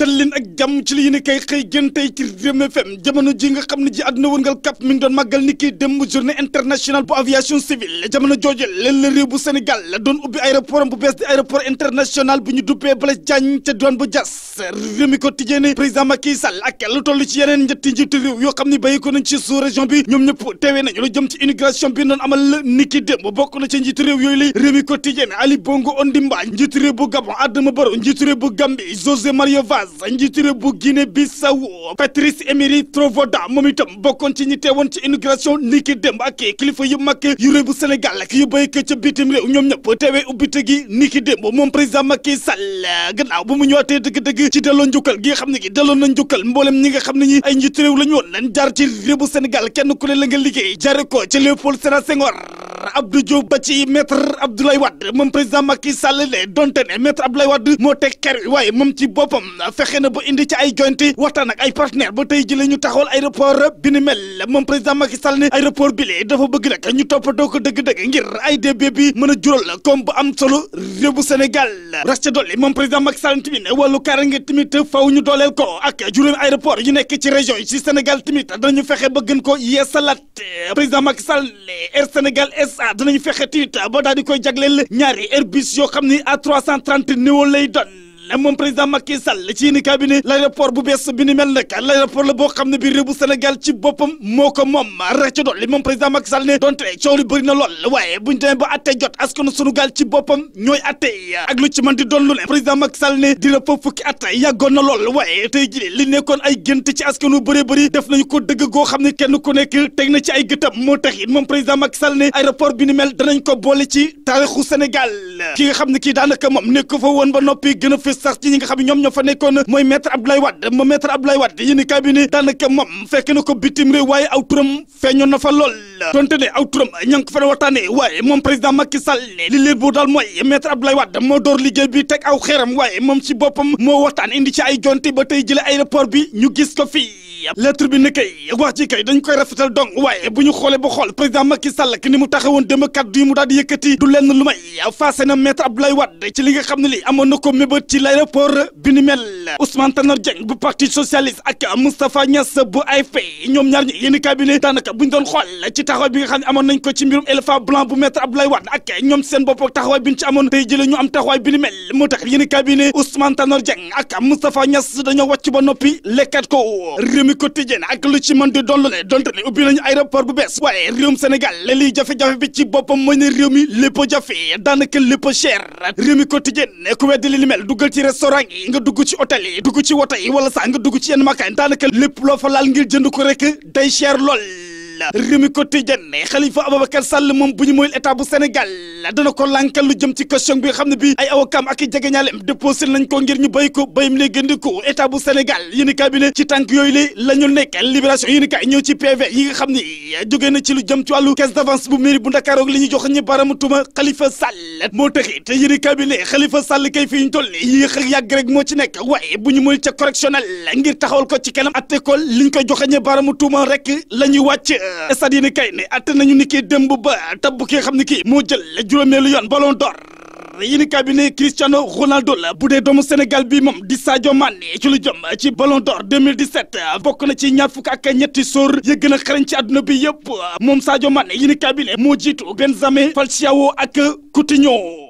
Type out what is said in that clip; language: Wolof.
dal leen ak jam ci li yéen kay xëy gën tey ci jamono ji nga xam ne ji àdduna wërngal kap mi ngi doon màggal ni kii démb journée internationale bu aviation civile jamono jooju leen la réew bu Sénégal la doon ubbi aéroport bu bees di aéroport international bu ñu duppee Blaise Diagne ca diwaan bu Diass président Macky Sall ak lu ci yeneen ñetti njiitu réew yoo xam ne bàyyi ko nañ ci sous bi ñoom ñëpp teewee nañu lu bi doon amal ki démb bokk na ci njiitu réew yooyu lay Rewmi ko tijjee ne Ali Bongo Ondimba njiitu réew bu Gabon Adama Barrow njiitu réew bu Gambie José Mario Vaz Diaz njiitu réew bu Guinée Bissau Patrice Emery Trovoda moom itam bokkoon ci ñi teewoon ci inauguration ni ki démb ak kilifa yu mag yu réew bu Sénégal ak yu béykat ca bitim réew ñoom ñëpp teewee ubbite gi ni ki démb moom président Macky Sall gannaaw bu mu ñëwaatee dëgg-dëgg ci delloo njukkal gi xam ne gi delloo na njukkal mboolem ñi nga xam ne ñi ay njiitu réew la ñu woon lan jaar ci réew bu Sénégal kenn ku ne la nga liggéey jare ko ci Léopold Sédar Senghor Abdou Diop ba ci maître Abdoulaye Wade moom président Macky Sall le donte ne maître Abdoulaye Wade moo teg xer wi waaye moom ci boppam fexe na ba indi ci ay joynte waxtaan ak ay partenaire ba tey ji ñu taxawal aéroport bi ni mel moom président Macky Sall ne aéroport bi lee dafa bëgg nag ñu toppatoo ko dëgg-dëgg ngir ay débé bi mën a jural comme bu am solo réew bu Sénégal rax ca dolli moom président Macky Sall tamit wàllu kaaraange tamit faw ñu dooleel ko ak juróomi aéroport yi ci Sénégal tamit danañu fexe ba gën ko yeesalaat président Macky Ah, danañu fexe tamit ba daal di koy jagleel ñaari Airbus yoo xam ni A330 neo lay doon moom président Macky Sall ci yéen cabinet l'aéroport bu bees bi ni mel nag l'aéroport la boo xam ne bi réew Sénégal ci boppam moo ko moom rek ci dolli moom président Macky Sall ne donte coow li bëri na lool waaye buñu demee ba atte jot askanu sunu ci boppam ñooy atte ak ci mën di doon lu président Macky Sall ne dina fa fukki at yàggoon na lool waaye tey jii li nekkoon ay gént ci askanu bëree bëri def na ci ko boole ci xam ne kii daanaka ko sax ci ñi nga xam ne ñoom ñoo fa nekkoon mooy maître Abdoulaye Wade ma maître Abdoulaye Wade yéen i cabinet moom fekk na ko bitim réew waaye aw turam feeñoon na fa lool donte ne aw turam ña ngi ko waaye moom président Macky Sall li leer bu daal mooy maître Abdoulaye Wade moo door liggéey bi teg aw xeeram waaye moom ci boppam moo waxtaan indi ci ay jonte ba tey jële aéroport bi ñu gis ko fi lettre bi ne kay wax ji kay dañ koy rafetal dong waaye bu ñu xoolee ba xool président Macky Sall ni mu tax démb kàddu yi mu daal di yëkkati du lenn lu may faase na maître Abdoulaye Wade ci li nga xam ne li amoon na ko mébét ci l'aéroport bi ni mel Ousmane Tanor Dieng bu parti socialiste ak Moustapha Niass bu AFP ñoom ñaar ñi yéen kaay bi daanaka bu ñu doon xool ci taxawaay bi nga xam ne amoon nañ ko ci mbirum éléphant blanc bu maître Abdoulaye Wade ak ñoom seen ba noppi lekkat ko mi quotidien ak lu ci mën di dollule donte ne ubbi nañu aéroport bu bees waaye réewum Sénégal la liy jafe-jafe bi ci boppam mooy ne réew mi lépp a jafe daanaka lépp a cher réew mi quotidien ne ku weddi li mel duggal ci restaurant yi nga dugg ci hôtel yi dugg ci woto yi wala sax nga dugg ci yenn makkaan daanaka lépp loo fa laal ngir jënd ko rek day cher lool Rewmi Quotidien Khalifa Ababacar Sall moom bu ñu moyul état bu Sénégal dana ko lànkal lu jëm ci question bi xam ne bi ay awakam ak i jegeñaaleem déposé nañ ko ngir ñu béy ko béyam lay gëndiko état bu Sénégal yéen i ci tànk yooyu la la nekk libération yéen i kaay ñëw bu mairie bu Ndakaaru ak li ñu jox moo taxi te yéen i kaay bi ne Khalifa Sall toll yi yéex moo ci nekk waaye bu ñu mooy ca correctionnel ngir taxawal ko ci kanam atte ko li ñu joxe ñi baram tuuma rek la ñuy wàcc stade yéen ne atte nañu ni kii démb ba tabb ki xam ne moo juróomeelu yoon ballon d'or yéen i cabinet Ronaldo la bu dee doomu Sénégal bi moom di Sadio ci lu jëm ci Ballon d'Or 2017 bokk na ci ñaar fukk ak ñetti sóor ya gën a xarañ ci àdduna bi yëpp moom Sadio Mané yéen i cabinet moo jiitu Benjamin Falcao ak Coutinho